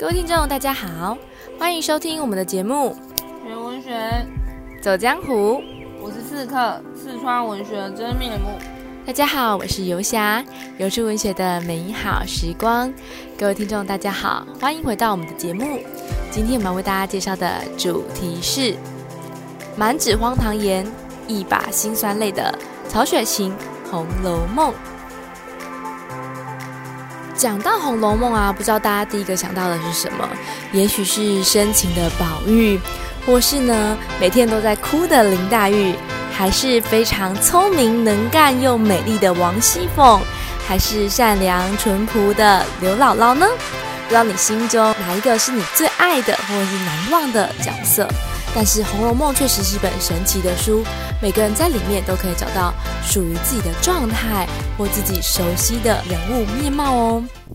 各位聽眾，大家好，歡迎收聽我們的節目。學文學，走江湖，我是刺客，刺穿文學真面目。大家好，我是遊俠，游出文學的美好時光。各位聽眾，大家好，歡迎回到我們的節目。今天我們要為大家介紹的主題是《滿紙荒唐言，一把辛酸淚》的曹雪芹《紅樓夢》。講到《紅樓夢》啊，不知道大家第一個想到的是什麼？也許是深情的寶玉，或是呢每天都在哭的林黛玉，還是非常聰明能幹又美麗的王熙鳳，還是善良淳樸的劉姥姥呢？不知道你心中哪一個是你最愛的，或是難忘的角色？但是《紅樓夢》確實是本神奇的書，每個人在裡面都可以找到屬於自己的狀態或自己熟悉的人物面貌哦。《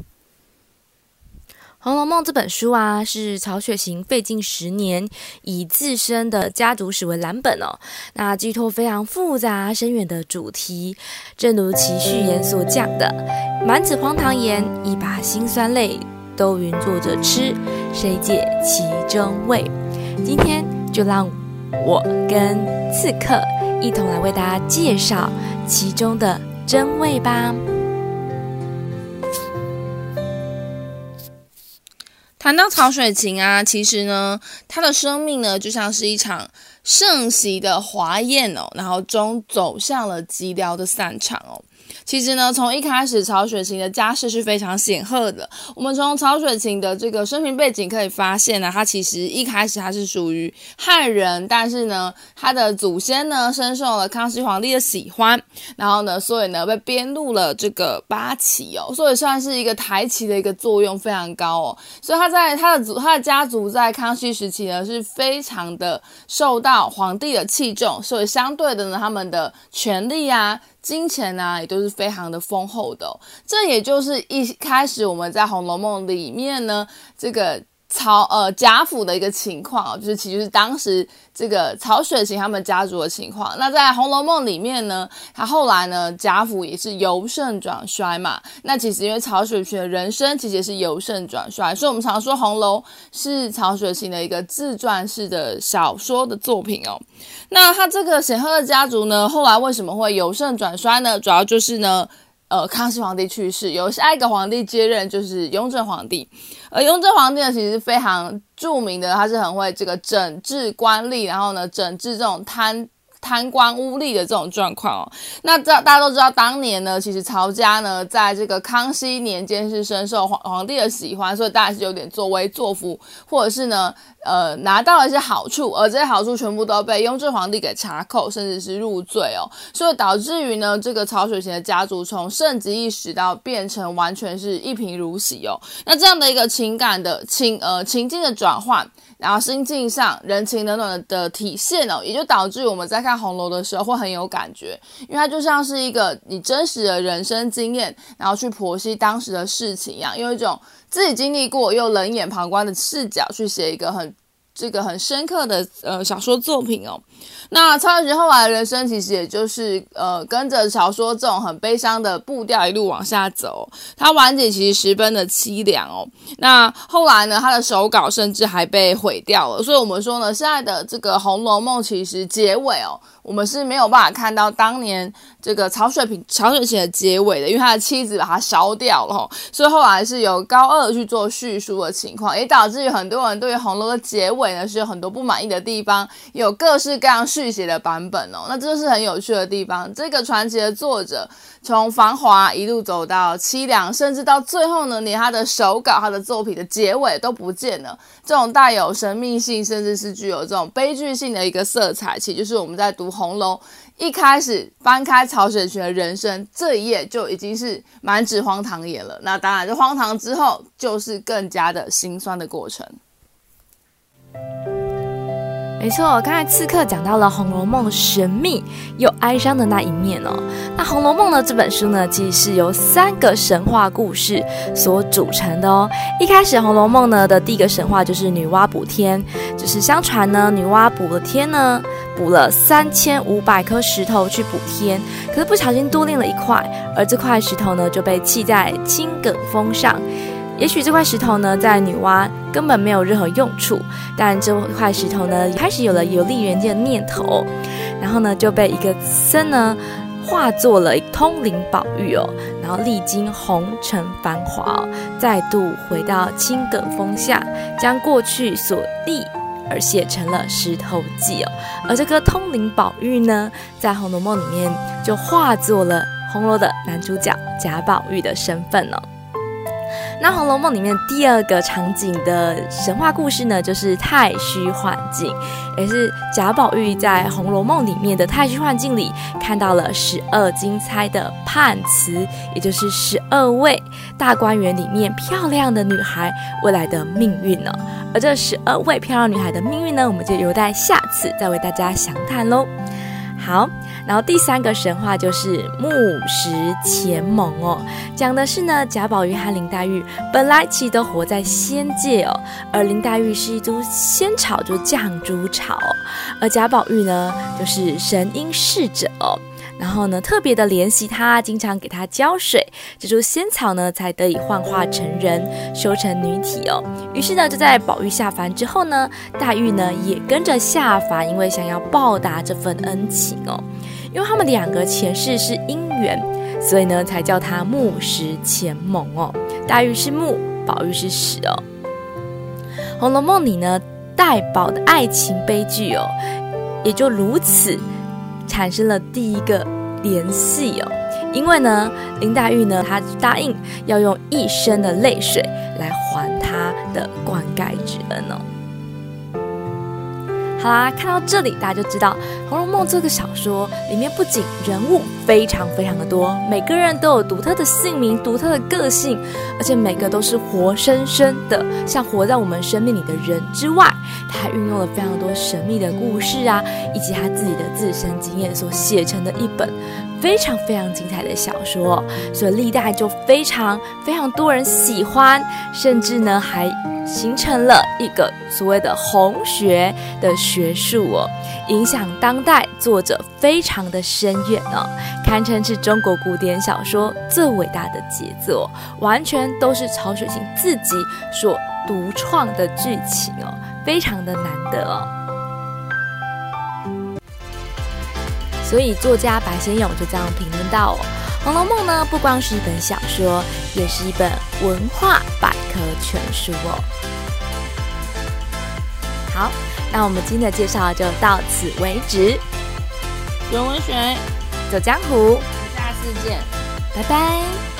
紅樓夢》這本書啊，是曹雪芹費近十年，以自身的家族史為藍本哦，那寄托非常複雜深遠的主題。正如其序言所講的：“滿紙荒唐言，一把辛酸淚，都雲作者癡，誰解其中味？”今天，就讓我跟刺客一同來為大家介紹其中的真味吧。談到曹雪芹啊，其實呢，他的生命呢，就像是一場盛席的華宴哦，然後中走向了寂寥的散場哦。其實呢，從一開始，曹雪芹的家世是非常顯赫的。我們從曹雪芹的這個生平背景可以發現呢，他其實一開始他是屬於漢人，但是呢，他的祖先呢深受了康熙皇帝的喜歡，然後呢，所以呢被編入了這個八旗哦，所以算是一個抬旗的一個作用非常高哦。所以他在他的祖他的家族在康熙時期呢是非常的受到皇帝的器重，所以相對的呢，他們的權力啊。金錢呢、啊，也都是非常的豐厚的、哦。這也就是一開始我們在《紅樓夢》裡面呢，這個。曹呃賈府的一個情況，就是其實是當時這個曹雪芹他們家族的情況。那在《紅樓夢》裡面呢，他後來呢賈府也是由盛轉衰嘛。那其實因為曹雪芹的人生其實也是由盛轉衰，所以我們常說紅樓是曹雪芹的一個自傳式的小說的作品哦。那他這個顯赫的家族呢，後來為什麼會由盛轉衰呢？主要就是呢。呃，康熙皇帝去世，由下一個皇帝接任，就是雍正皇帝。而雍正皇帝呢，其實非常著名的，他是很會這個整治官吏，然後呢，整治這種貪。貪官污吏的這種狀況哦，那知道大家都知道，當年呢，其實曹家呢，在這個康熙年間是深受皇皇帝的喜歡，所以大家是有點作威作福，或者是呢，呃，拿到了一些好處，而這些好處全部都被雍正皇帝給查扣，甚至是入罪哦，所以導致於呢，這個曹雪芹的家族從盛極一時到變成完全是一貧如洗哦。那這樣的一個情感的情呃情境的轉換，然後心境上人情冷暖的體現哦，也就導致我們在看。看紅樓的時候會很有感覺，因為它就像是一個你真實的人生經驗，然後去剖析當時的事情一樣，用一種自己經歷過又冷眼旁觀的視角去寫一個很。這個很深刻的呃小說作品哦，那曹雪芹後來的人生其實也就是呃跟着小說這種很悲傷的步調一路往下走，他晚景其實十分的淒涼哦。那後來呢，他的手稿甚至還被毀掉了，所以我們說呢，現在的這個《紅樓夢》其實結尾哦，我們是沒有辦法看到當年這個曹雪芹曹雪芹的結尾的，因為他的妻子把他燒掉了哦，所以後來是由高鶚去做續書的情況，也導致於很多人對於紅樓的結尾尾呢是有很多不滿意的地方，有各式各樣續寫的版本哦，那這是很有趣的地方。這個傳奇的作者從繁華一路走到悽涼，甚至到最後呢，連他的手稿、他的作品的結尾都不見了。這種帶有神秘性，甚至是具有這種悲劇性的一個色彩，其實就是我們在讀《紅樓夢》一開始翻開曹雪芹的人生這一頁就已經是滿紙荒唐言了。那當然，這荒唐之後就是更加的辛酸的過程。沒錯，剛才刺客講到了《紅樓夢》神秘又哀傷的那一面哦。那《紅樓夢》呢，這本書呢，其實是由三個神話故事所組成的哦。一開始《紅樓夢》呢的第一個神話就是女媧補天，就是相傳呢女媧補了天呢，補了三千五百顆石頭去補天，可是不小心多煉了一塊，而這塊石頭呢就被棄在青埂峰上。也許這塊石頭呢，在女媧根本沒有任何用處，但這塊石頭呢，開始有了遊歷人間的念頭，哦，然後呢，就被一個僧呢，化作了通靈寶玉哦，然後歷經紅塵繁華，哦，再度回到青埂峰下，將過去所歷而寫成了《石頭記》哦，而這個通靈寶玉呢，在《紅樓夢》裡面就化作了紅樓的男主角賈寶玉的身份哦。那《紅樓夢》裡面第二個場景的神話故事呢，就是太虛幻境，也是賈寶玉在《紅樓夢》裡面的太虛幻境裡看到了十二金釵的判詞，也就是十二位大觀園裡面漂亮的女孩未來的命運呢。而這十二位漂亮女孩的命運呢，我們就留待下次再為大家詳談嘍。好，然後第三個神話就是木石前盟哦，講的是呢，賈寶玉和林黛玉本來其實都活在仙界哦，而林黛玉是一株仙草，就絳珠草哦，而賈寶玉呢，就是神瑛侍者哦。然後呢，特別的憐惜他，經常給他澆水，這株仙草呢才得以幻化成人，修成女體哦。於是呢，就在寶玉下凡之後呢，黛玉呢也跟着下凡，因為想要報答這份恩情哦。因為他們兩個前世是姻緣，所以呢才叫他木石前盟哦。黛玉是木，寶玉是石哦。《紅樓夢》裡呢，黛寶的愛情悲劇哦，也就如此。產生了第一個聯繫哦，因為呢，林黛玉呢，她答應要用一生的淚水來還她的灌溉之恩哦。好啦，看到這裡，大家就知道《紅樓夢》這個小說裡面不僅人物非常非常的多，每個人都有獨特的姓名、獨特的個性，而且每個都是活生生的，像活在我們生命裡的人之外，他還運用了非常多神秘的故事啊，以及他自己的自身經驗所寫成的一本非常非常精彩的小說，所以歷代就非常非常多人喜歡，甚至呢還。形成了一個所謂的“紅學”的學術哦，影響當代作者非常的深遠哦，堪稱是中國古典小說最偉大的傑作哦，完全都是曹雪芹自己所獨創的劇情哦，非常的難得哦。所以作家白先勇就這樣評論道：“哦，《紅樓夢》呢，不光是一本小說，也是一本文化版。可全是我。好，那我們今天的介紹就到此為止。有文水，走江湖，下次見，拜拜。